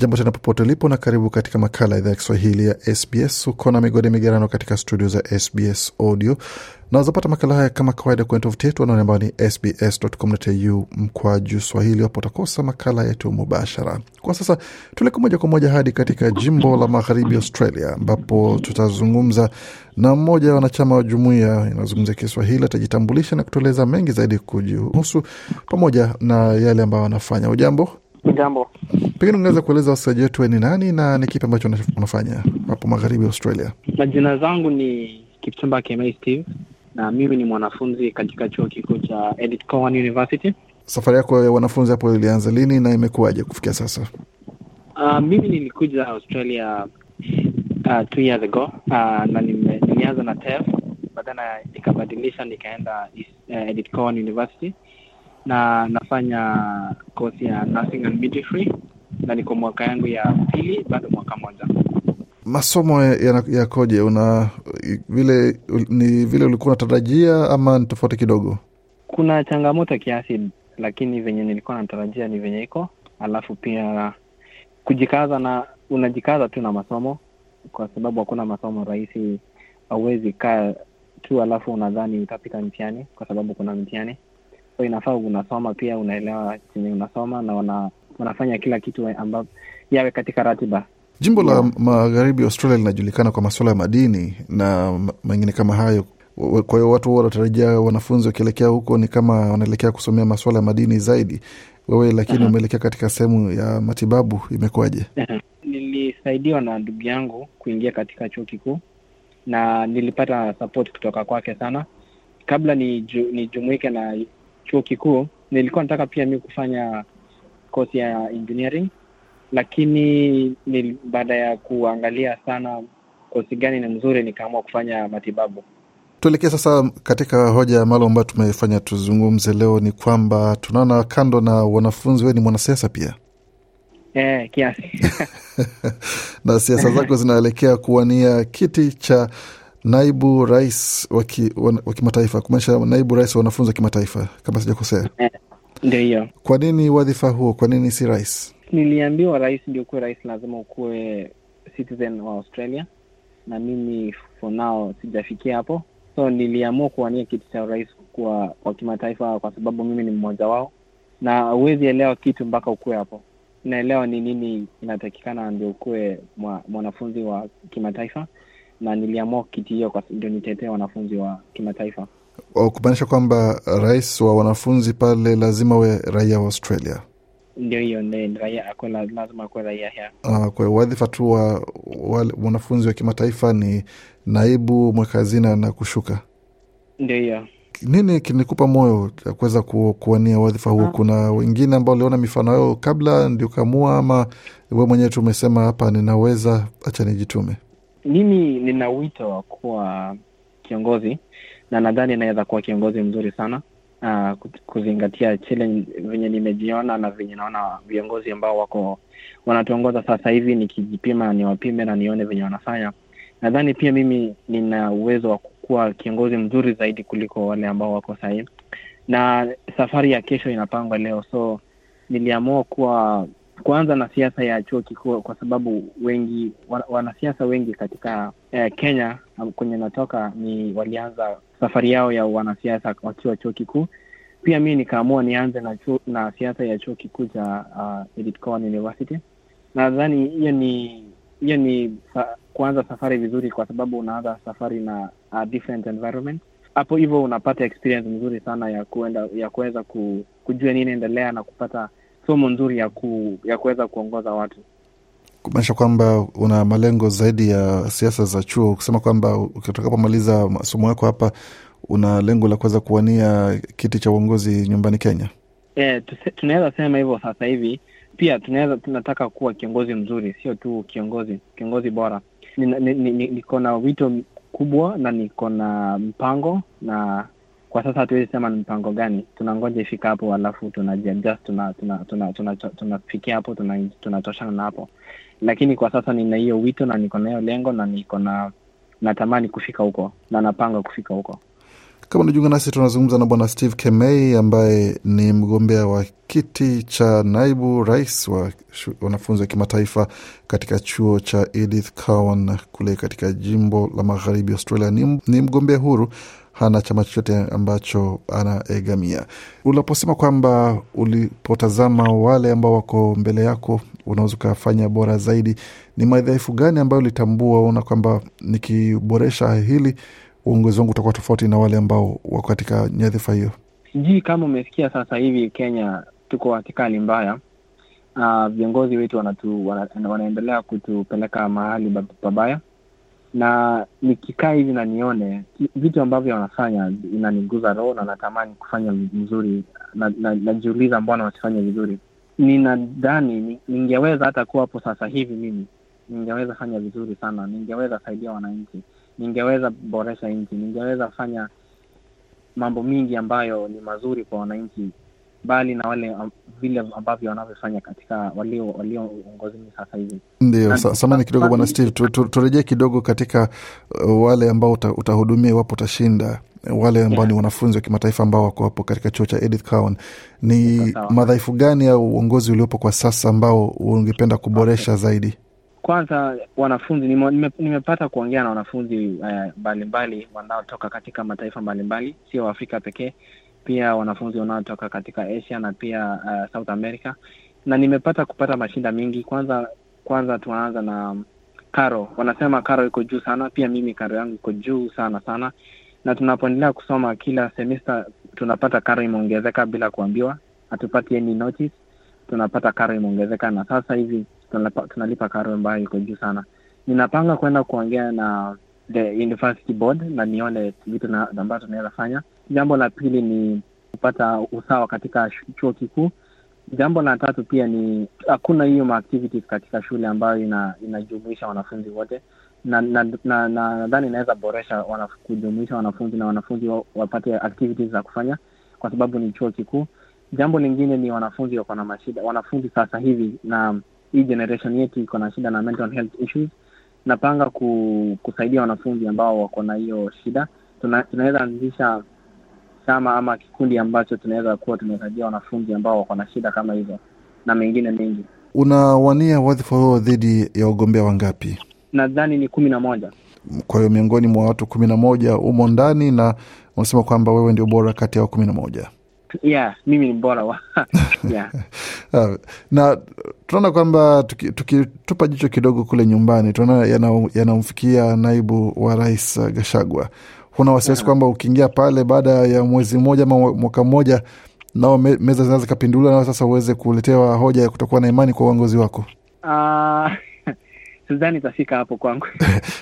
Jambo tena popote ulipo na karibu katika makala ya idhaa ya Kiswahili ya SBS. Uko na migodi migerano katika studio za SBS Audio. Nawazapata makala haya kama kawaida kwenye tovuti yetu anaone ambao ni sbs.com.au mkwaju swahili. Wapo utakosa makala yetu mubashara. Kwa sasa tuleke moja kwa moja hadi katika jimbo la magharibi Australia, ambapo tutazungumza na mmoja wa wanachama wa jumuia inazungumza Kiswahili. Atajitambulisha na kutueleza mengi zaidi kujihusu pamoja na yale ambayo anafanya. Ujambo? Jambo, pengine ungeweza kueleza wasikilizaji wetu ni nani na ni kipi ambacho unafanya hapo magharibi ya Australia? Majina zangu ni Kipchumba Kemei Steve na mimi ni mwanafunzi katika chuo kikuu cha Edith Cowan University. Safari yako ya wanafunzi hapo ilianza lini na imekuwaje kufikia sasa? Uh, mimi nilikuja Australia uh, two years ago uh, na nilianza na TEF badala nikabadilisha nikaenda uh, Edith Cowan University na nafanya kosi ya nursing and midwifery na niko mwaka yangu ya pili, bado mwaka moja. Masomo yakoje? ya, una vile ni vile ulikuwa unatarajia ama ni tofauti kidogo? Kuna changamoto kiasi, lakini venye nilikuwa natarajia ni venye iko, alafu pia kujikaza na unajikaza tu na masomo, kwa sababu hakuna masomo rahisi. Auwezi kaa tu alafu unadhani utapita mtiani kwa sababu kuna mtiani so inafaa unasoma pia unaelewa chenye unasoma na wana, wanafanya kila kitu ambao yawe katika ratiba jimbo la magharibi australia linajulikana kwa masuala ya madini na mengine kama hayo kwa hiyo watu wanatarajia wanafunzi wakielekea huko ni kama wanaelekea kusomea masuala ya madini zaidi wewe lakini uh-huh. umeelekea katika sehemu ya matibabu imekuwaje uh-huh. nilisaidiwa na ndugu yangu kuingia katika chuo kikuu na nilipata support kutoka kwake sana kabla nijumuike ju, ni na chuo kikuu nilikuwa nataka pia mi kufanya kosi ya engineering lakini baada ya kuangalia sana kosi gani ni mzuri nikaamua kufanya matibabu tuelekee sasa katika hoja ya malo ambayo tumefanya tuzungumze leo ni kwamba tunaona kando na wanafunzi wee ni mwanasiasa pia Eh, kiasi na siasa zako zinaelekea kuwania kiti cha naibu rais wa kimataifa, kumaanisha naibu rais wa wanafunzi wa kimataifa kama sijakosea. Eh, ndio hiyo. Kwa nini wadhifa huo? Kwa nini si rais? Niliambiwa rais ndio kuwe rais, lazima ukuwe citizen wa Australia, na mimi for now sijafikia hapo, so niliamua kuwania kiti cha urais kwa, kwa kimataifa kwa sababu mimi ni mmoja wao, na huwezi elewa kitu mpaka ukuwe hapo. Naelewa ni nini inatakikana ndio ukuwe mwanafunzi wa kimataifa, na niliamua kiti hiyo ndio nitetee wanafunzi wa kimataifa, kumaanisha kwamba rais wa wanafunzi pale lazima we raia wa Australia. Ndio hiyo lazima akuwe raia hea. Ah, wadhifa tu wa wanafunzi wa kimataifa ni naibu mwekazina na kushuka. Ndio hiyo. Nini kinikupa moyo ya kuweza kuwania wadhifa huo? Ah. Kuna wengine ambao uliona mifano yao kabla ndio kamua ama we mwenyewe tu umesema hapa ninaweza, hacha nijitume? mimi nina wito wa kuwa kiongozi na nadhani naweza kuwa kiongozi mzuri sana uh, kuzingatia chile venye nimejiona na venye naona viongozi ambao wako wanatuongoza sasa hivi nikijipima niwapime na nione venye wanafanya nadhani pia mimi nina uwezo wa kuwa kiongozi mzuri zaidi kuliko wale ambao wako sahii na safari ya kesho inapangwa leo so niliamua kuwa kuanza na siasa ya chuo kikuu, kwa sababu wengi wanasiasa wengi katika eh, Kenya um, kwenye natoka ni walianza safari yao ya wanasiasa wakiwa chuo kikuu. Pia mi nikaamua nianze na, na siasa ya chuo kikuu cha uh, University. Nadhani hiyo ni hiyo ni sa, kuanza safari vizuri, kwa sababu unaanza safari na uh, different environment hapo, hivyo unapata experience nzuri sana ya kuenda ya kuweza ku, kujua nini endelea na kupata somo nzuri ya, ku, ya kuweza kuongoza watu kumaanisha kwamba una malengo zaidi ya siasa za chuo, ukisema kwamba utakapomaliza masomo yako hapa una lengo la kuweza kuwania kiti cha uongozi nyumbani Kenya? E, tunaweza sema hivyo sasa hivi. Pia tunaweza tunataka kuwa kiongozi mzuri, sio tu kiongozi, kiongozi bora. Niko ni, ni, ni, na wito kubwa na niko na mpango na kwa sasa hatuwezi sema ni mpango gani tunangoja ifika hapo alafu tunajiadjust tunafikia tuna, tuna, tuna, tuna hapo tunatoshana na hapo lakini kwa sasa nina hiyo wito na niko na hiyo lengo na niko na natamani kufika huko na napanga kufika huko kama unajiunga nasi tunazungumza na bwana steve kemei ambaye ni mgombea wa kiti cha naibu rais wa wanafunzi wa kimataifa katika chuo cha edith cowan kule katika jimbo la magharibi australia ni, ni mgombea huru hana chama chochote ambacho anaegamia. Unaposema kwamba ulipotazama wale ambao wako mbele yako unaweza ukafanya bora zaidi, ni madhaifu gani ambayo ulitambua una kwamba nikiboresha hili uongozi wangu utakuwa tofauti na wale ambao wako katika nyadhifa hiyo? Sijui kama umesikia sasa hivi Kenya tuko katika hali mbaya. Uh, viongozi wetu wanatu, wana, wanaendelea kutupeleka mahali pabaya na nikikaa hivi na nione vitu ambavyo wanafanya inaniguza roho na natamani kufanya mzuri najiuliza na, na mbona wasifanye vizuri. Ninadhani ningeweza hata kuwa hapo sasa hivi, mimi ningeweza fanya vizuri sana, ningeweza saidia wananchi, ningeweza boresha nchi, ningeweza fanya mambo mingi ambayo ni mazuri kwa wananchi mbali na wale vile ambavyo wanavyofanya katika walio walio uongozini sasa hivi. Ndio, samani kidogo bwana Steve, turejee kidogo katika uh, wale ambao utahudumia iwapo utashinda uh, wale ambao yeah, ni wanafunzi wa kimataifa ambao wako hapo katika chuo cha Edith Cowan, ni madhaifu gani au uongozi uliopo kwa sasa ambao ungependa kuboresha okay, zaidi? Kwanza wanafunzi, nime, nimepata kuongea na wanafunzi uh, mbalimbali uh, wanaotoka katika mataifa mbalimbali, sio Waafrika pekee pia wanafunzi wanaotoka katika Asia na pia uh, South America, na nimepata kupata mashinda mengi. Kwanza kwanza tunaanza na karo, wanasema karo iko juu sana, pia mimi karo yangu iko juu sana sana, na tunapoendelea kusoma kila semester tunapata karo imeongezeka bila kuambiwa, hatupati any notice, tunapata karo imeongezeka, na sasa hivi tunalipa karo ambayo iko juu sana. Ninapanga kwenda kuongea na the university board na nione vitu ambayo tunaweza fanya Jambo la pili ni kupata usawa katika chuo kikuu. Jambo la tatu pia ni hakuna hiyo maactivities katika shule ambayo ina, inajumuisha wanafunzi wote, na nadhani na, na, na, inaweza boresha wanaf, kujumuisha wanafunzi na wanafunzi wapate activities za kufanya, kwa sababu ni chuo kikuu. Jambo lingine ni wanafunzi wako na mashida. Wanafunzi sasa hivi na hii generation yetu iko na shida na mental health issues. Napanga ku, kusaidia wanafunzi ambao wako na hiyo shida. tunaweza anzisha chama ama kikundi ambacho tunaweza kuwa tumetarajia wanafunzi ambao wako na shida kama hizo na mengine mengi. Unawania wadhifa huo dhidi ya wagombea wangapi? Nadhani ni kumi na moja. Kwa hiyo miongoni mwa watu kumi na moja umo ndani na unasema kwamba wewe ndio bora kati ya kumi na moja? Yeah, mimi ni bora wa yeah. Ah, na tunaona kwamba tukitupa tuki, jicho kidogo kule nyumbani tunaona yanamfikia naibu wa rais uh, Gashagwa huna wasiwasi kwamba ukiingia pale baada ya mwezi mmoja ama mwaka mmoja, nao meza zinaweza zikapinduliwa, nao sasa uweze kuletewa hoja ya kutokuwa na imani kwa uongozi wako? Uh, sidhani itafika hapo kwangu.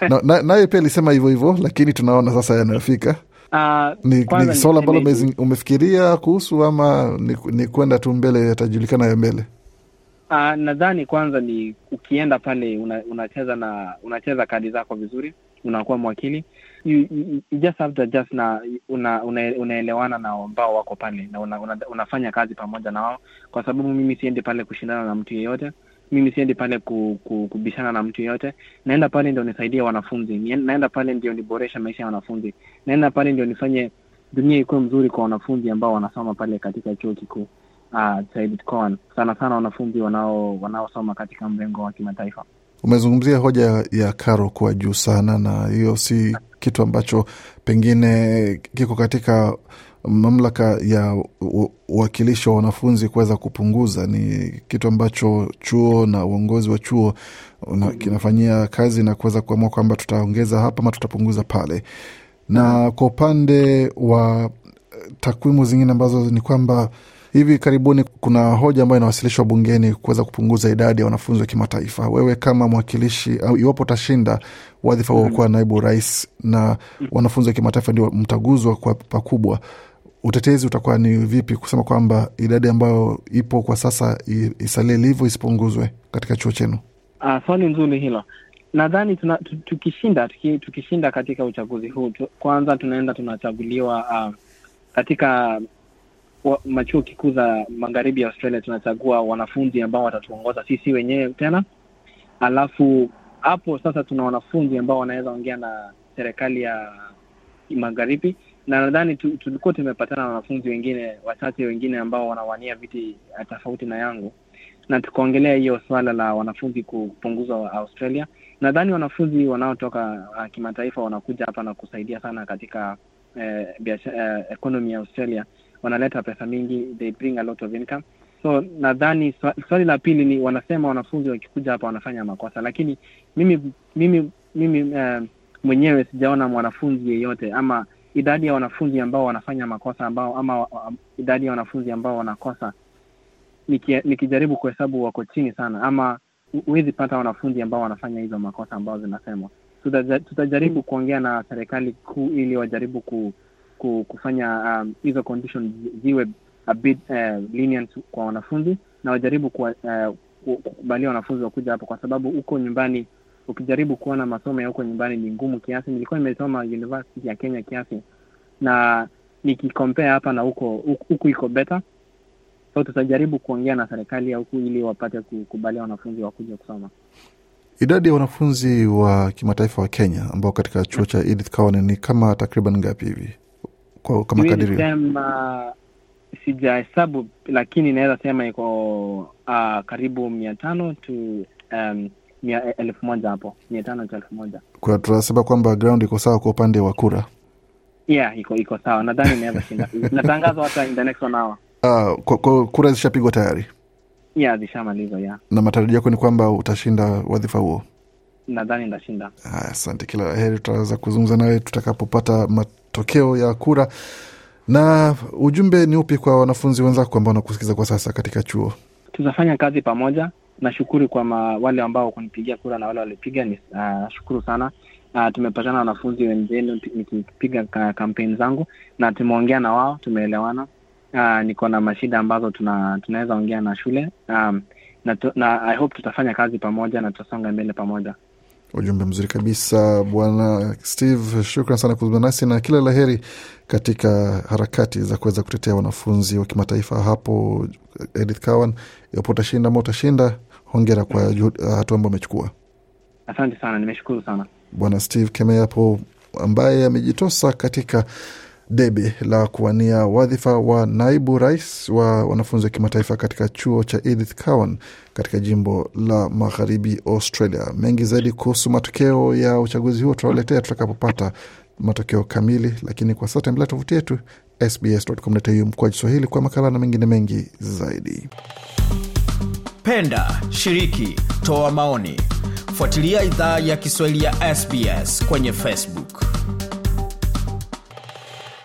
Naye na, pia alisema hivyo hivyo, lakini tunaona sasa yanayofika. Uh, ah, ni, swala ambalo umefikiria kuhusu ama ni, ni kwenda tu mbele, yatajulikana ya mbele? Uh, nadhani kwanza ni ukienda pale una, unacheza na unacheza kadi zako vizuri, unakuwa mwakili you, you, you just have to adjust na una, una, unaelewana na ambao wako pale na una, una, unafanya kazi pamoja na wao, kwa sababu mimi siendi pale kushindana na mtu yeyote mimi siendi pale ku, ku, kubishana na mtu yeyote. Naenda pale ndio nisaidie wanafunzi, naenda pale ndio niboresha maisha ya wanafunzi, naenda pale ndio nifanye dunia ikuwe mzuri kwa wanafunzi ambao wanasoma pale katika chuo kikuu uh, sana sana wanafunzi wanao katika mrengo wa kimataifa. Umezungumzia hoja ya karo kuwa juu sana, na hiyo si kitu ambacho pengine kiko katika mamlaka ya uwakilishi wa wanafunzi kuweza kupunguza. Ni kitu ambacho chuo na uongozi wa chuo una, kinafanyia kazi na kuweza kuamua kwamba tutaongeza hapa ama tutapunguza pale. Na kwa upande wa eh, takwimu zingine ambazo ni kwamba Hivi karibuni kuna hoja ambayo inawasilishwa bungeni kuweza kupunguza idadi ya wanafunzi wa kimataifa. Wewe kama mwakilishi iwapo utashinda wadhifa wa kuwa naibu rais na wanafunzi wa kimataifa ndio mtaguzwa kwa pakubwa, utetezi utakuwa ni vipi kusema kwamba idadi ambayo ipo kwa sasa isalie ilivyo isipunguzwe katika chuo chenu? Uh, swali nzuri hilo. Nadhani tukishinda tuki, tukishinda katika uchaguzi huu tu, kwanza tunaenda tunachaguliwa uh, katika machuo kikuu za magharibi ya Australia tunachagua wanafunzi ambao watatuongoza sisi wenyewe tena, alafu hapo sasa tuna wanafunzi ambao wanaweza ongea na serikali ya magharibi, na nadhani tulikuwa tumepatana na wanafunzi wengine wachache wengine ambao wanawania viti eh, tofauti na yangu, na tukaongelea hiyo swala la wanafunzi kupunguzwa Australia. Nadhani wanafunzi wanaotoka uh, kimataifa wanakuja hapa na kusaidia sana katika uh, eh, biashara, uh, eh, ekonomi ya Australia wanaleta pesa mingi, they bring a lot of income. So nadhani swali la pili ni wanasema wanafunzi wakikuja hapa wanafanya makosa, lakini mimi mimi mimi uh, mwenyewe sijaona mwanafunzi yeyote ama idadi ya wanafunzi ambao wanafanya makosa ambao ama idadi ya wanafunzi ambao wanakosa niki, nikijaribu kuhesabu wako chini sana, ama huwezi pata wanafunzi ambao wanafanya hizo makosa ambao zinasemwa. Tutajaribu kuongea na serikali kuu ili wajaribu ku, kufanya um, hizo conditions ziwe a bit uh, lenient kwa wanafunzi na wajaribu uh, kukubalia uh, wanafunzi wakuja hapo, kwa sababu huko nyumbani ukijaribu kuona masomo ya huko nyumbani ni ngumu kiasi. Nilikuwa nimesoma university ya Kenya kiasi, na nikikompea hapa na huko, huku iko better. So tutajaribu kuongea na serikali ya huku ili wapate kukubalia wanafunzi wakuja kusoma. Idadi ya wanafunzi wa kimataifa wa Kenya ambao katika chuo cha Edith ni kama takriban ngapi hivi? kwa kama kadirio? Sema sijahesabu, lakini inaweza sema iko uh, karibu mia tano tu um, mia elfu moja hapo, mia tano tu elfu moja Kwa tunasema kwamba ground iko sawa kwa upande wa kura. Yeah, iko iko sawa, nadhani inaweza shinda. Natangazwa hata in the next one hour. Uh, kwa, kwa kura zishapigwa tayari yeah, zishamalizwa yeah. Na matarajio yako ni kwamba utashinda wadhifa huo? Nadhani ntashinda. Asante, kila heri. Tutaweza kuzungumza nawe tutakapopata matokeo ya kura. Na ujumbe ni upi kwa wanafunzi wenzako ambao wanakusikiza kwa sasa katika chuo? Tutafanya kazi pamoja. Nashukuru kwa ma, wale ambao kunipigia kura na wale walipiga ah, nashukuru uh, sana uh, tumepatana wanafunzi wenzenu nikipiga kampeni zangu na tumeongea na wao, tumeelewana. Uh, niko na mashida ambazo tuna, tunaweza ongea na shule um, na, na I hope tutafanya kazi pamoja na tutasonga mbele pamoja. Ujumbe mzuri kabisa, Bwana Steve, shukran sana kuzungumza nasi na kila la heri katika harakati za kuweza kutetea wanafunzi wa kimataifa hapo Edith Cowan. Iwapo utashinda ama utashinda, hongera kwa uh, hatua ambayo amechukua. Asante sana, nimeshukuru sana Bwana Steve Kemea hapo ambaye amejitosa katika debe la kuwania wadhifa wa naibu rais wa wanafunzi wa kimataifa katika chuo cha Edith Cowan katika jimbo la magharibi Australia. Mengi zaidi kuhusu matokeo ya uchaguzi huo tutawaletea tutakapopata matokeo kamili, lakini kwa sasa tembelea tovuti yetu sbs.com.au mkoa Kiswahili kwa makala na mengine mengi zaidi. Penda, shiriki, toa maoni, fuatilia idhaa ya Kiswahili ya SBS kwenye Facebook.